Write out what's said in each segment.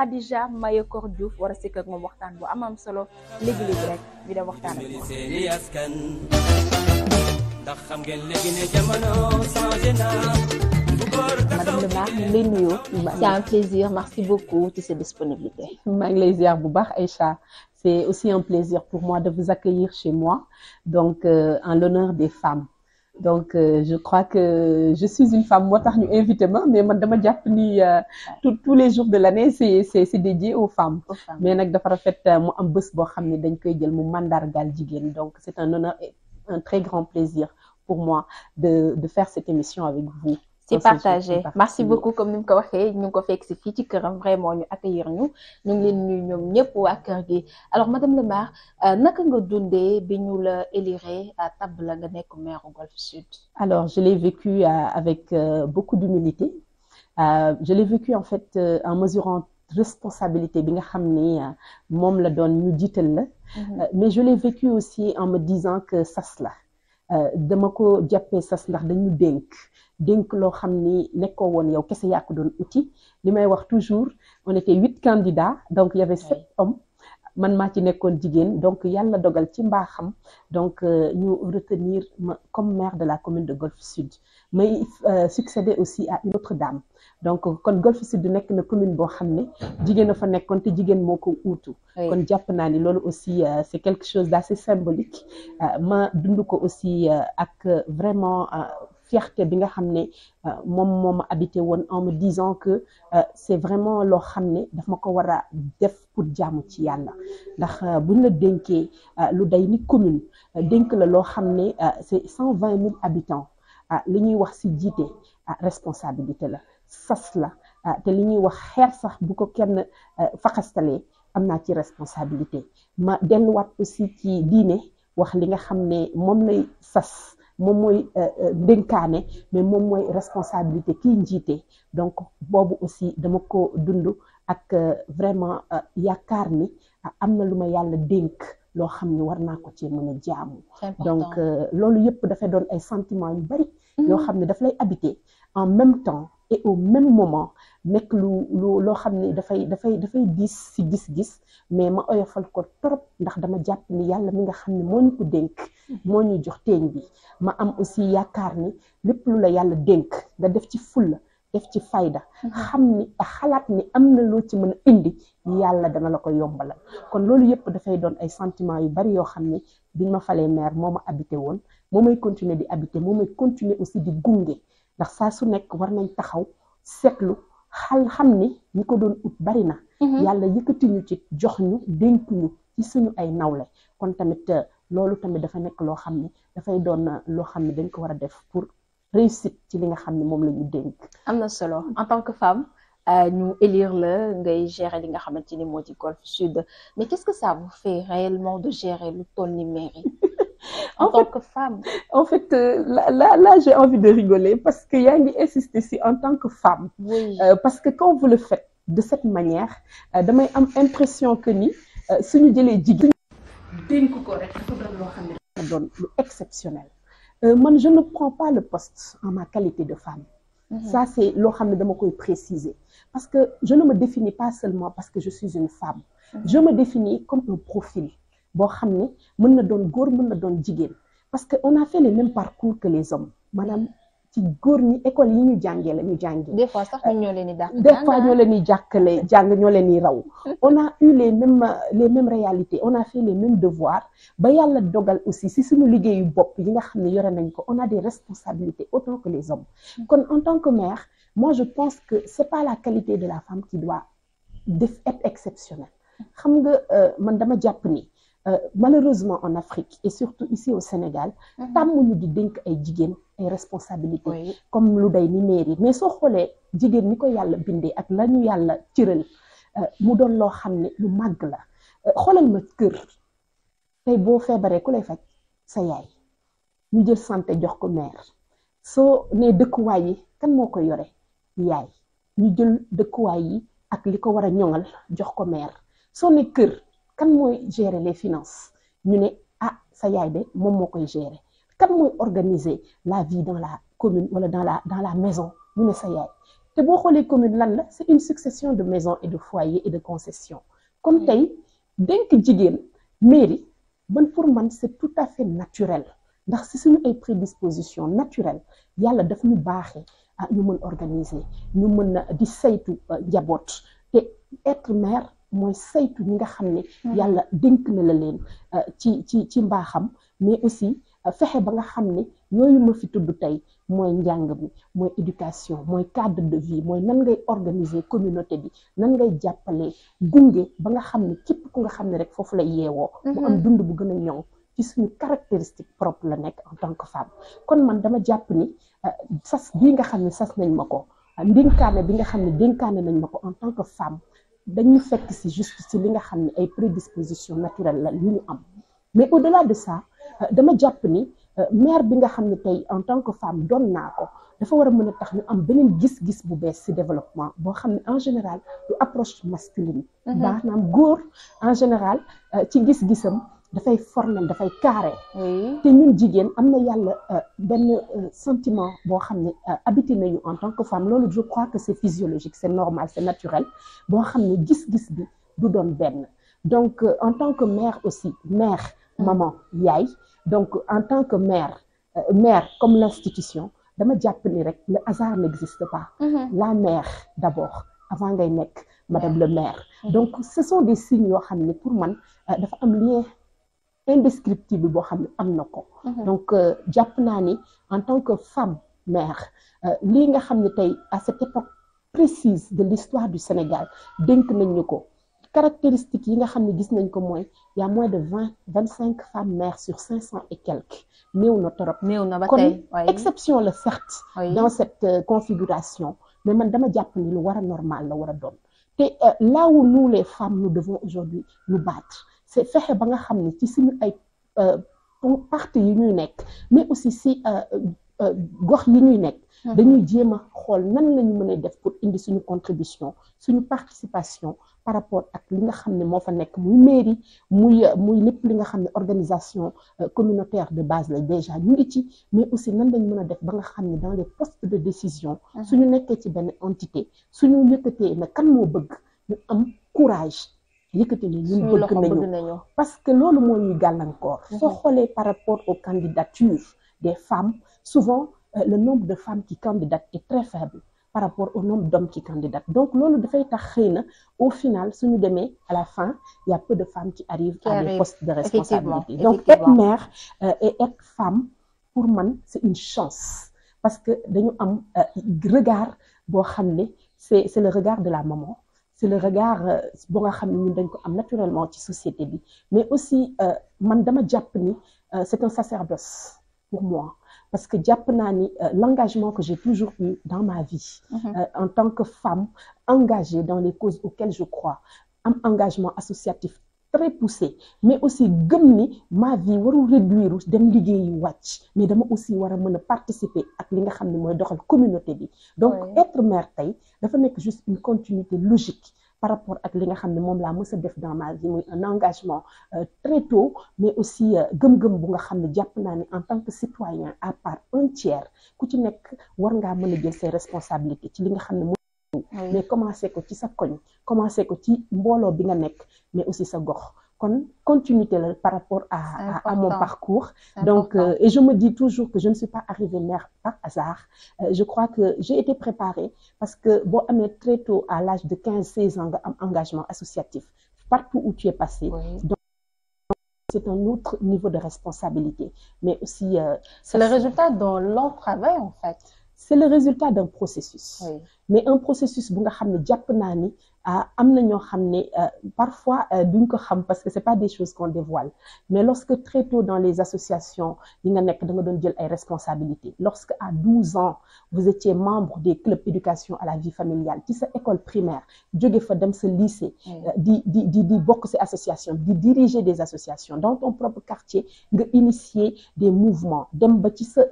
Khadija Mayakor Diouf war a sikk ak moom waxtaan bu amam solo léegi léegi rek ñu dem waxtaan ak ndax xam ngeen léegi ne jamono changé na madame Lemar ñu ngi lay nuyoo. c'est un plaisir merci beaucoup ci sa disponibilité. maa ngi lay ziar bu baax Aïcha c'est aussi un plaisir pour moi de vous accueillir chez moi donc euh, en l'honneur des femmes. donc euh, je crois que je suis une femme moo tax ñu invité ma mais man dama jàpp ni euh, tous tous les jours de l'année c'est c'est c'est dédié aux femmes mais nag dafa rafet euh, mu am bés boo xam ne dañ koy jël mu mandargal jigéen donc c'est un honneur et un très grand plaisir pour moi de de faire cette émission avec vous ci partagé merci beaucoup comme ni mu ko waxee ñu ngi ko fekk si fii ci këram vraiment ñu accueillir ñu ñu ngi leen nuyu ñoom ñëpp waa kër gi alors madame le maire euh, naka nga dundee bi ñu la élire euh, tab la nga nekk maire Golf Sud alors je l'ai vécu euh, avec beaucoup d'humilité je l'ai vécu en fait en mesurant responsabilité bi nga xam ni moom la doon ñu jiital la mhm. mais je l'ai vécu aussi en me disant que sas la dama ko jàppee sas ndax dañu dénk dénk loo xam ni nekkoo woon yow kese yaa ko doon uti li may wax toujours on était huit candidats donc il y avait sept hommes man maa ci nekkoon jigéen donc yàlla dogal ci mbaaxam donc euh, ñu retenir ma comme maire de la commune de Golf Sud may euh, succéder aussi à une autre dame donc kon Golf Sud nekk na commune boo xam ne jigéen a fa nekkoon te jigéen moo ko uutu kon jàpp naa ni loolu aussi euh, c'est quelque chose d'assez symbolique ma dund ko aussi ak vraiment fierté bi nga xam ne euh, moom moom ma habité woon en me disant que euh, c'est vraiment loo xam ne daf ma ko war a def pour jaamu ci yàlla ndax euh, buñ la dénkee lu day ni commune dénk la loo xam ne c'est cent vingt mille habitants li ñuy wax si jiite responsabilité la sas la te li ñuy wax xeer sax bu ko kenn faxastalee am naa ci responsabilité ma delluwaat aussi ci diine wax li nga xam ne moom lay sas moom mooy euh, euh, dénkaane mais moom mooy responsabilité kiy njiite donc boobu aussi dama ko dund ak euh, vraiment yaakaar ni ah, am na lu ma yàlla dénk loo xam ni war naa ko ci mën a jaamu donc loolu yëpp dafay doon ay sentiments yu bari mm-hmm. yoo xam ne dafay lay en même temps et au même moment nekk lu loo xam ne dafay dafay dafay diis si gis-gis mais ma oyofal ko trop ndax dama jàpp ni yàlla mi nga xam ni moo ñu ko dénk moo ñu jox teeñ bi ma am aussi yaakaar ni lépp lu la yàlla dénk nga def ci fulla def ci fayda mm-hmm. xam ni xalaat ni am na loo ci mën a indi yàlla dana la ko yombalal kon loolu yëpp dafay doon ay sentiment yu bari yoo xam ne biñ ma falee maire moo ma habité woon moo may continuer di habité moo may continuer aussi di gunge ndax saa su nekk war nañ taxaw seetlu xal xam ni ñi ko doon ut bari na. Mhm. yàlla yëkkati ñu ci jox ñu dénk ñu ci suñu ay nawle kon tamit euh, loolu tamit dafa nekk loo xam ne dafay doon euh, loo xam ne dañ ko war a def pour réussite ci li nga xam ne moom la ñu dénk. am na solo en tant que femme. Euh, ñu élire la ngay gérer li nga xamante ni moo ci Golf Sud mais qu'est-ce que ça vous fait réellement de gérer lu toll ni mairie en, en tant fait, que femme. En fait, euh, là, là, là j'ai envie de rigoler parce que Yangi insiste ici en tant que femme. Oui. Euh, parce que quand vous le faites de cette manière, euh, damay am impression que ni euh, suñu jëlee jigéen. dénk ko rek dafa doon loo xam ne dafa exceptionnel. man je ne prends pas le poste en ma qualité de femme. Mhm. Ça c'est loo xam ne dama koy préciser. parce que je ne me définis pas seulement parce que je suis une femme. Mmh. Je me définis comme un profil. boo xam ne mën na doon góor mën na doon jigéen parce que on a fait le même parcours que les hommes maanaam ci góor ñi école yi ñu jàngee la ñu jàngee. des fois sax ñoo leen di dàq. des fois ah. ñoo leen di leen di raw. on a eu les mêmes les mêmes réalités on a fait les mêmes devoirs ba yàlla dogal aussi si suñu liggéeyu bopp yi nga xam ne yore nañ ko on a des responsabilités autant que les hommes. Mm. kon en tant que mère moi je pense que c'est pas la qualité de la femme qui doit def être exceptionnelle. xam nga euh, man dama jàpp ni. Euh, malheureusement en Afrique et surtout ici au Sénégal mhm. tàmmuñu di dénk ay jigéen ay responsabilité comme lu day ni mairie mais soo xoolee jigéen ñi ko yàlla bindee ak la yàlla cëral euh, mu doon loo xam ne lu màgg la euh, xoolal ma kër tey boo feebaree ku lay faj sa yaay ñu jël santé jox ko maire soo nee dëkkuwaay yi kan moo ko yore yaay ñu jël dëkkuwaay yi ak li ko war a ñoŋal jox ko maire soo ne kër kan mooy gérer les finances ñu ne ah sa yaay de moom moo koy gérer kan mooy organiser la vie dans la commune wala dans la dans la maison ñu ne sa yaay te boo xoolee commune lan la c'est une succession de maison et de foyers et de concessions kon tey dénk jigéen mairie man pour man c'est tout à fait naturel ndax si suñu ay prédisposition naturel yàlla daf ñu baaxee ah ñu mën organiser ñu mën di saytu ah, njaboot te être maire mooy saytu ñi nga xam ne hmm. yàlla dénk na la leen euh, ci ci ci mbaaxam mais aussi euh, fexe ba nga xam ne yooyu ma fi tudd tey mooy njàng bi mooy éducation mooy cadre de vie mooy nan ngay organiser communauté bi nan ngay jàppale gunge ba nga xam ne képp ku nga xam ne rek foofu la yeewoo mu am hmm. dund bu gën a ñoŋ ci suñu caractéristique propre la nekk en tant que femme kon man dama jàpp ni euh, sas bii nga xam ne sas nañ ma ko ndénkaane bi nga xam ne dénkaane nañ ma ko en tant que femme dañu fekk si juste si li nga xam ne ay prédisposition naturelle la yu ñu am mais au-delà de ça euh, dama jàpp ni euh, maire bi nga xam ne tey en tant que femme doon naa ko dafa war a mën a tax ñu am beneen gis-gis bu bees si développement boo xam ne en général du approche masculine maanaam mhm. góor en général euh, ci gis-gisam dafay formel dafay carré. te ñun jigéen am na yàlla euh, benn euh, sentiment boo xam ne euh, habité nañu en tant que femme loolu je crois que c'est physiologique c'est normal c'est naturel boo xam ne gis-gis bi du doon benn donc en tant que mère aussi mère mm. maman yaay donc en tant que mère mère comme l'institution dama jàpp ni rek le hasard n'existe pas. Mm-hmm. la mère d'abord avant ngay nekk madame mm. le maire. Mm. donc ce sont des signes yoo xam ne pour man dafa am lien. indescriptible boo xam ne am na ko. Mhm. donc euh, jàpp naa ni en tant que femme mère euh, lii nga xam ne tey à cette époque précise de l'histoire du Sénégal dénk nañ ñu ko. caractéristiques yi nga xam ne gis nañ ko mooy y a moins de vingt vingt cinq femmes mères sur cinq cent et quelques néew na torop néew na ba tey kon exception la certes dans cette euh, configuration mais man dama jàpp ni lu war a normal la war a doon te là où nous les femmes nous devons aujourd'hui nous battre c'est fexe ba nga xam ne ci suñu ay euh, parti yi ñuy nekk mais aussi si euh, euh, gox yi ñuy nekk mm-hmm. dañuy jéem a xool nan lañu mën a def pour indi suñu contribution suñu participation par rapport ak li nga xam ne moo fa nekk muy mairie muy muy lépp li nga xam ne organisation communautaire de base la déjà ñu ngi ci mais aussi nan lañ mën a def ba nga xam ne dans les postes de décision mm-hmm. suñu nekkee ci benn entité suñu yëkkatee na kan moo bëgg ñu am courage yëkkati ni ñun bëgg nañu parce que loolu moo ñuy gàllankoor mm-hmm. soo xoolee par rapport aux candidatures des femmes souvent euh, le nombre de femmes qui candidatent est très faible par rapport au nombre d'hommes qui candidatent donc loolu dafay tax xëy na au final suñu demee à la fin il peu de femmes qui arrivent à des postes de responsabilité donc être mère euh, et être femme pour man c'est une chance parce que dañu am euh, regard boo xam ne c'est c'est le regard de la maman c'est le regard euh, bu nga xam ne ñun dañ ko am naturellement ci société bi mais aussi euh, man dama jàpp ni euh, c'est un sacerdoce pour moi parce que jàpp naa ni l'engagement que j'ai toujours eu dans ma vie mhm. en tant que femme engagée dans les causes auxquelles je crois am engagement associatif très poussé mais aussi gëm ni ma vie warul réduire dem liggéeyi wàcc mais dama aussi war a mën a participer ak li nga xam ne mooy doxal communauté bi donc être mère tey dafa nekk juste une continuité logique par rapport ak li nga xam ne moom laa mës def dans ma vie muy un engagement euh, très tôt mais aussi euh, gëm-gëm bu nga xam ne jàpp naa ne en tant que citoyen à part entière ku ci nekk war ngaa mën a jël ses responsabilités ci li nga xam ne mais commencé ko ci sa koñ commencé ko ci mbooloo bi nga nekk mais aussi sa gox kon continuité la par rapport à, à, à mon parcours donc euh, et je me dis toujours que je ne suis pas arrivée mère par hasard euh, je crois que j'ai été préparée parce que boo amee très tôt à l'âge de quinze seize nga am engagement associatif partout où tu es passé oui. donc, c'est un autre niveau de responsabilité mais aussi euh, c'est le résultat d'un long travail c'est le résultat d'un processus. Oui. mais un processus bu nga xam ne jàpp naa ni ah, am na ñoo xam ne euh, parfois euh, duñ ko xam parce que c'est pas des choses qu'on dévoile mais lorsque très tôt dans les associations yi nga nekk da nga doon jël ay responsabilités lorsque à 12 ans vous étiez membre des clubs éducation à la vie familiale ci sa école primaire jóge fa dem sa lycée euh, di di di di bokk ci association di diriger des associations dans ton propre quartier nga initier dem ba ci sa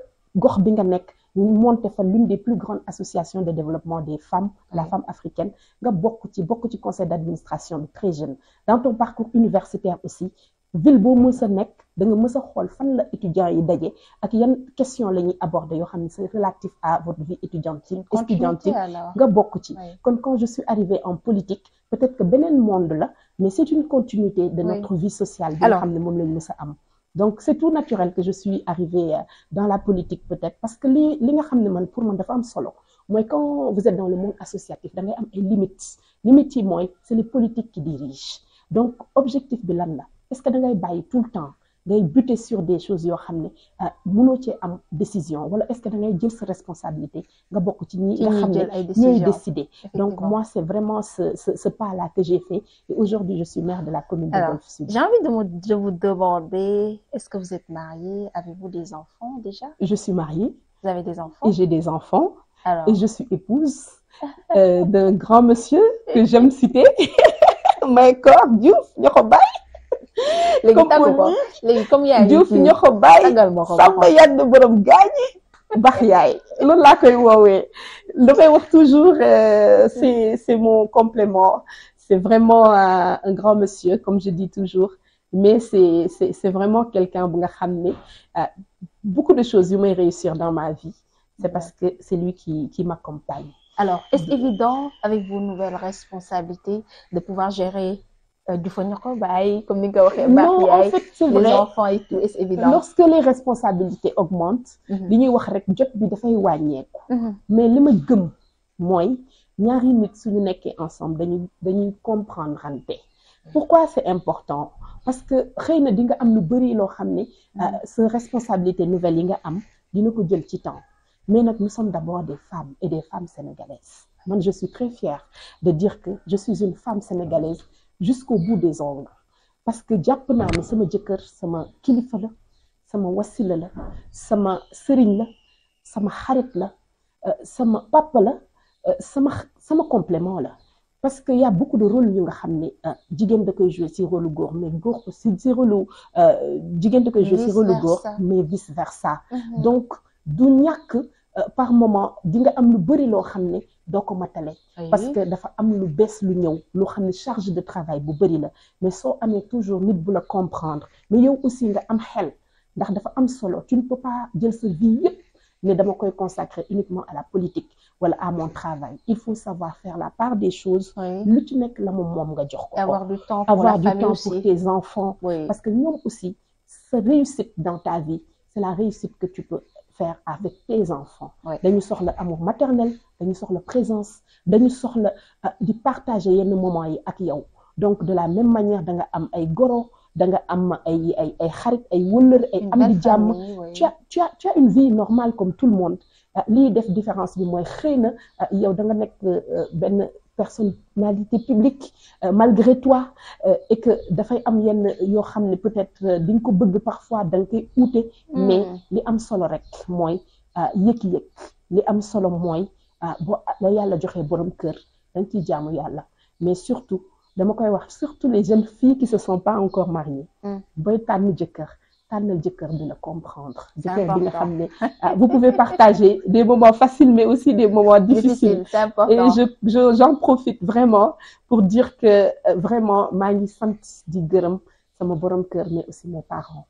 gox bi nga nekk ñu monté fa l'une des plus grandes associations de développement des femmes la femme africaine nga bokk ci ci conseil d'administration bi très jeune dans ton parcours universitaire aussi ville boo mës a nekk da nga mës a xool fan la étudiants yi daje ak yan question la ñuy aborder yoo xam ne c'est relatif à votre vie étudiantine étudiantine nga bokk ci kon quand je suis arrivée en politique peut-être que beneen monde la mais c'est une continuité de notre vie sociale bi nga xam ne am donc c'est tout naturel que je suis arrivée euh, dans la politique peut-être parce que li li nga xam ne man pour man dafa am solo mooy quand vous êtes dans le monde associatif da ngay am ay limites limites yi mooy c'est les politiques qui dirigent donc objectif bi lan la est-ce que da ngay bàyyi tout le temps ngay buter sur des choses yoo xam ne ah, mënoo cee am décision wala est-ce que da ngay jël sa responsabilité nga bokk ci ñi nga xam ne ñooy décider donc moi c'est vraiment ce ce ce pas là que j'ai fait et aujourd'hui je suis maire de la commune de Golf Sud j'ai envie de vous demander est-ce que vous êtes mariée avez-vous des enfants déjà je suis mariée vous avez des enfants et j'ai des enfants Alors... et je suis épouse euh, d'un grand monsieur que j'aime citer Mahécor Diouf ñoo ko bàyyi léegi tàggu ko léegi comme yaay Diouf ñoo ko bàyyi tàggal ma ko sàmm yàgg borom gaañi bax yaay loolu laa koy woowee dafay wax toujours euh, c'est c'est mon complément c'est vraiment un, un grand monsieur comme je dis toujours mais c'est c'est c'est vraiment quelqu'un bu nga xam ne euh, beaucoup de choses yu may réussir dans ma vie c'est parce que c'est lui qui qui m'accompagne alors est-ce évident avec vos nouvelles responsabilités de pouvoir gérer jufañu ko bàyyi comme ni nga waxee. non en fait c'est vrai les enfants lorsque les responsabilités augmentent. Mhm. li ñuy wax rek jot bi dafay wàññeeku. Mhm. mais li ma gëm mooy ñaari nit suñu nekkee ensemble dañu dañuy comprendre ante mhm. pourquoi c'est important parce que xëy na di nga am lu bari loo xam ne euh, sa responsabilité nouvelle yi nga am dina ko jël ci temps mais nag nous sommes d'abord des femmes et des femmes sénégalaises man je suis très fière de dire que je suis une femme sénégalaise. jusqu'au bout des ongles parce que jàpp naa ne sama jëkkër sama kilifa la sama wasila la sama sëriñ la sama xarit la euh, sama papa la euh, sama sama complément la parce que y a beaucoup de rôle yu nga xam ni euh, jigéen da koy jouer ci rôle góor mais góor jigéen da koy jouer ci rôle góor mais vice versa mm-hmm. donc du ñàkk par moment di nga am lu bëri loo xam ne doo matale parce que dafa am lu bees lu ñëw lu xam ne charge de travail bu bëri la mais soo amee toujours nit bu la comprendre mais yow aussi nga am xel dafa am solo tu ne peux pas jël sa vie yëpp ne dama koy consacrer uniquement à la politique wala à mon travail il faut savoir faire la part des choses lu ci nekk la moom moom nga jox ko avoir du temps pour aussi pour tes enfants parce que ñoom aussi sa réussite dans ta vie c'est la réussite que tu peux faire avec tes enfants. dañu soxla amour maternel dañu soxla présence dañu soxla euh, di partager yenn moment yi ak yow donc de la même manière da nga am ay goro danga am ay ay ay xarit ay wëllër ay am di jàmm tu as tu as tu une vie normale comme tout le monde euh, lii def différence bi mooy xëy na euh, yow da nga nekk personnalité publique euh, malgré toi euh, et que dafay am yenn yoo xam ne peut-être euh, di nga ko bëgg parfois da nga koy uute hmm. mais li am solo rek mooy yëg-yëg li am solo mooy boo la yàlla joxee borom kër da nga ciy jaamu yàlla mais surtout dama koy wax surtout les jeunes filles qui se sont pas encore mariées hmm. booy tànn jëkkër tànnal jëkkër bi la comprendre jëkkër bi nga xam ne ah, vous pouvez partager des moments faciles mais aussi des moments difficiles et je je j'en profite vraiment pour dire que euh, vraiment maa ngi sant di gërëm sama borom kër mais aussi mo parents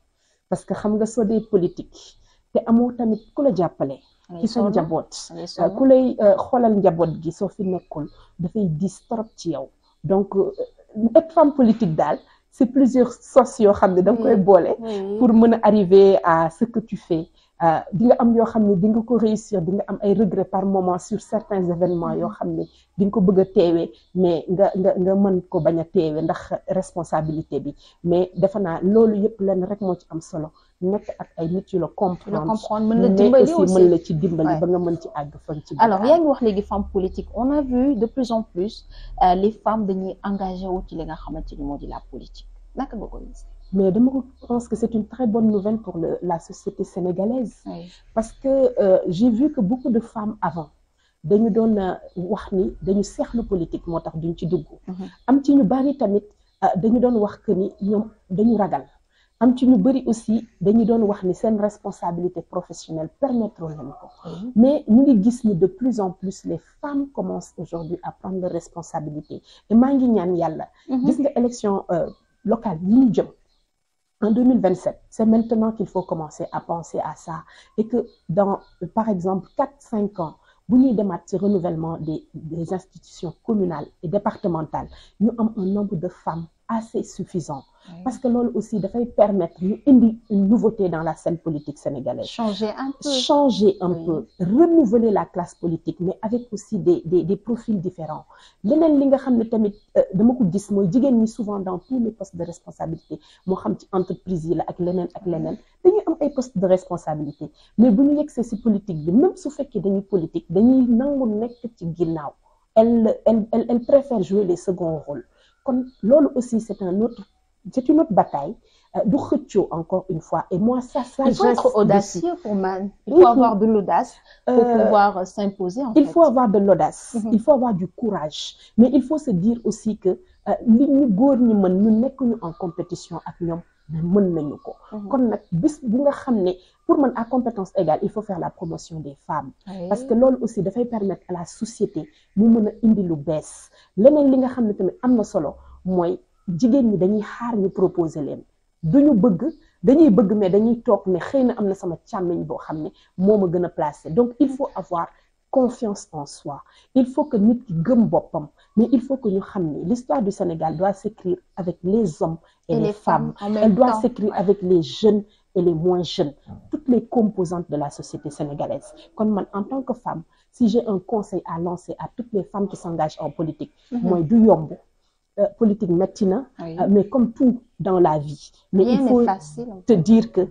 parce que xam nga soo politique te amoo tamit ku la jàppale ci sa njaboot euh, ku la euh, xoolal njaboot gi soo fi nekkul dafay dis trop ci yow donc être femme politique daal c'est plusieurs sauces yoo xam ne da koy mm. boole. Mm. pour mën a arriver à ce que tu fais. Euh, di nga am yoo xam ne di nga ko réussir di nga am ay regret par moment sur certains événements mm. yoo xam ne di nga ko bëgg a teewee mais nga nga nga mën ko bañ a teewee ndax responsabilité bi mais defe naa loolu yëpp lenn rek moo ci am solo. nekk ak ay nit yu la comprendre mën la dimbali aussi mën la ci ba nga mën ci àgg fan ci alors yaa ngi wax léegi femme politique on a vu de plus en plus euh, les femmes dañuy engagé wu ci li nga xamante ni moo di la politique naka nga ko gis mais dama ko pense que c'est une très bonne nouvelle pour la société sénégalaise oui. parce que euh, j'ai vu que beaucoup de femmes avant dañu doon euh, wax ni dañu seexlu politique moo tax duñ ci dugg mhm. am ci ñu bari tamit da euh, dañu doon wax que ni ñoom dañu ragal am ci ñu bëri aussi dañu doon wax ni seen responsabilité professionnelle permettre leen ko mhm. mais ñu ngi gis ni de plus en plus les femmes commencent aujourd'hui à prendre leurs responsabilités et maa ngi ñaan yàlla mhm. gis nga élection euh, locale yi ñu jëm en 2027 c'est maintenant qu'il faut commencer à penser à ça et que dans par exemple quatre cinq ans bu ñuy demaat ci renouvellement des des institutions communales ñu am un nombre de femmes assez suffisant parce que loolu aussi dafay permettre ñu indi une nouveauté dans la scène politique sénégalaise. changer un peu changer un oui. peu renouveler la classe politique mais avec aussi des des des profils différents leneen li nga xam ne tamit euh, dama ko gis mooy jigéen ñi souvent dans tous les postes de responsabilité moo xam ci entreprise yi la ak leneen ak leneen dañuy am ay postes de responsabilité mais bu ñu yegsee si politique bi même su fekkee dañuy politique dañuy nangu nekk ci ginnaaw elle elle elle préfère jouer les seconds un autre c'est une autre bataille du euh, xëccoo encore une fois et moi ça ça il faut être audacieux pour man il euh, faut avoir de l'audace pour pouvoir s'imposer en fait il faut avoir du courage mais il faut se dire aussi que euh, li ñu góor ñi mën ñu nekk ñu en compétition ak ñoom mën nañu ko mhm. kon nag bis bu nga xam ne pour man à compétence égale il faut faire la promotion des femmes parce que loolu aussi dafay permettre à la société mu mën a indi lu bees leneen li nga xam ni tamit am na solo jigéen ñi dañuy xaar ñu proposer leen duñu bëgg dañuy bëgg mais dañuy toog ne xëy na am na sama càmmiñ boo xam ne moo ma gën a placé donc il faut avoir confiance en soi il faut que nit ki gëm boppam mais il faut que ñu xam ne l'histoire du Sénégal doit s'écrire avec les hommes et, et les, les femmes, femmes elle doit s'écrire avec les jeunes et les moins jeunes toutes les composantes de la société sénégalaise kon man en tant que femme si j'ai un conseil à lancer à toutes les politique mm-hmm. mooy du yomb Euh, politique métti na euh, mais comme tout dans la vie mais Rien il faut facile, te dire que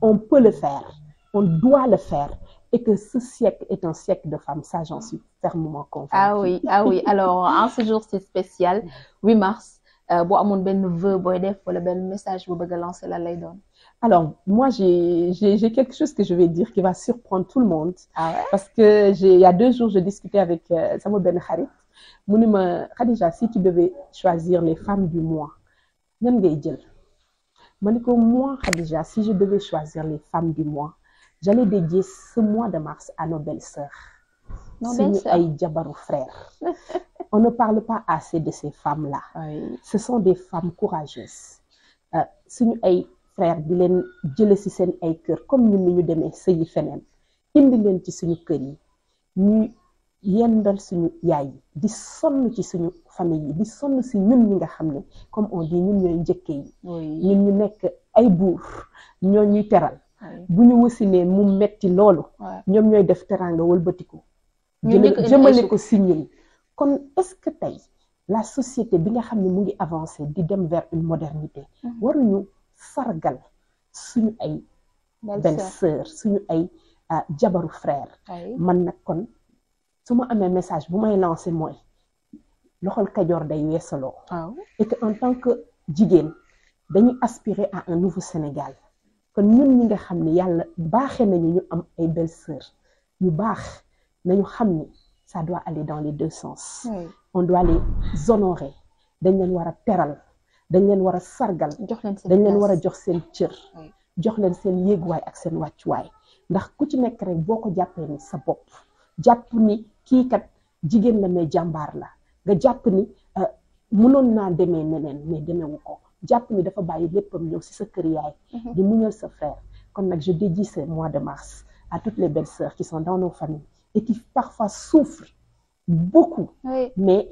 on peut le faire on doit le faire et que ce siècle est un siècle de femmes ça j'en suis fermement convaincue ah oui ah oui alors en ce jour c'est spécial 8 mars euh, boo amoon benn vœu booy def wala benn message bu bëgg a lancer la lay doon alors moi j'ai j'ai quelque chose que je vais dire qui va surprendre tout le monde ah ouais? parce que j'ai il y a deux jours je discutais avec sama benn xarit mu ni ma Khadija si tu devais choisir les femmes du mois ñan ngay jël ma ni ko moi Khadija si je devais choisir les femmes du mois j'allais dédier ce mois de mars à nos belles sœurs suñu ay jabaru frère on ne parle pas assez de ces femmes là oui. ce sont des femmes courageuses euh, suñu ay frère di leen jële ci seen ay kër comme ñun ni ñu demee sëyi feneen indi leen ci suñu kër yi yendal suñu yaay yi di sonn ci suñu famille yi di sonn si ñun ñi nga xam ne comme on dit ñun ñooy njëkke yi ñun ñu nekk ay buur ñoo ñuy teral bu ñu wasinee mu metti loolu ñoom ñooy def teranga wëlbatiku jëmale ko si ñun kon est-ce que tey la société bi nga xam ne mu ngi avancé di dem vers une modernité mhm. ñu sargal suñu ay belle-sœur suñu ay ah, jabaru frère man na kon su ma amee message bu may lancé mooy loxol kajoor day weesaloo et que en tant que jigéen dañuy aspirer à un nouveau Sénégal kon ñun ñi nga xam ne yàlla baaxe nañu ñu am ay belles yu baax nañu xam ni ça doit aller dans les deux sens oui. on doit les honorer dañ leen war a teral dañ leen war a sargal dañ leen war a jox seen cër jox leen seen yéeguwaay ak seen wàccuwaay ndax ku ci nekk rek boo ko jàppee ni sa bopp jàpp ni kii kat jigéen la mais jàmbaar la nga jàpp ni euh, mënoon naa demee neneen mais demeewu ko jàpp ni dafa bàyyi léppam ñëw si sa kër yaay mhm. di muñal frère kon nag je dédie ce mois de mars à toutes les belles sœurs qui sont dans nos familles et qui parfois souffrent beaucoup mais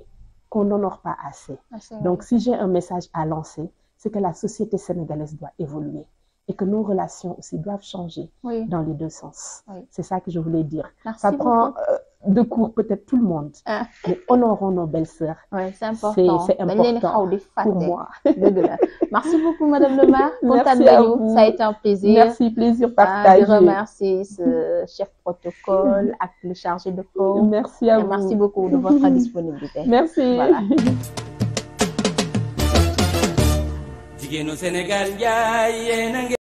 qu'on n'honore pas assez Absolument. Ah, donc si j'ai un message à lancer c'est que la société sénégalaise doit évoluer et que nos relations aussi doivent changer dans les deux sens oui. de cours peut-être tout le monde. Ah. mais nos belles-sœurs. c'est important pour moi. dëgg la merci beaucoup madame le maire. merci à vous a été un plaisir. plaisir ah, partagé ah, ce chef protocole ak le chargé de cours. merci à vous merci beaucoup de votre disponibilité. merci voilà. jigéenu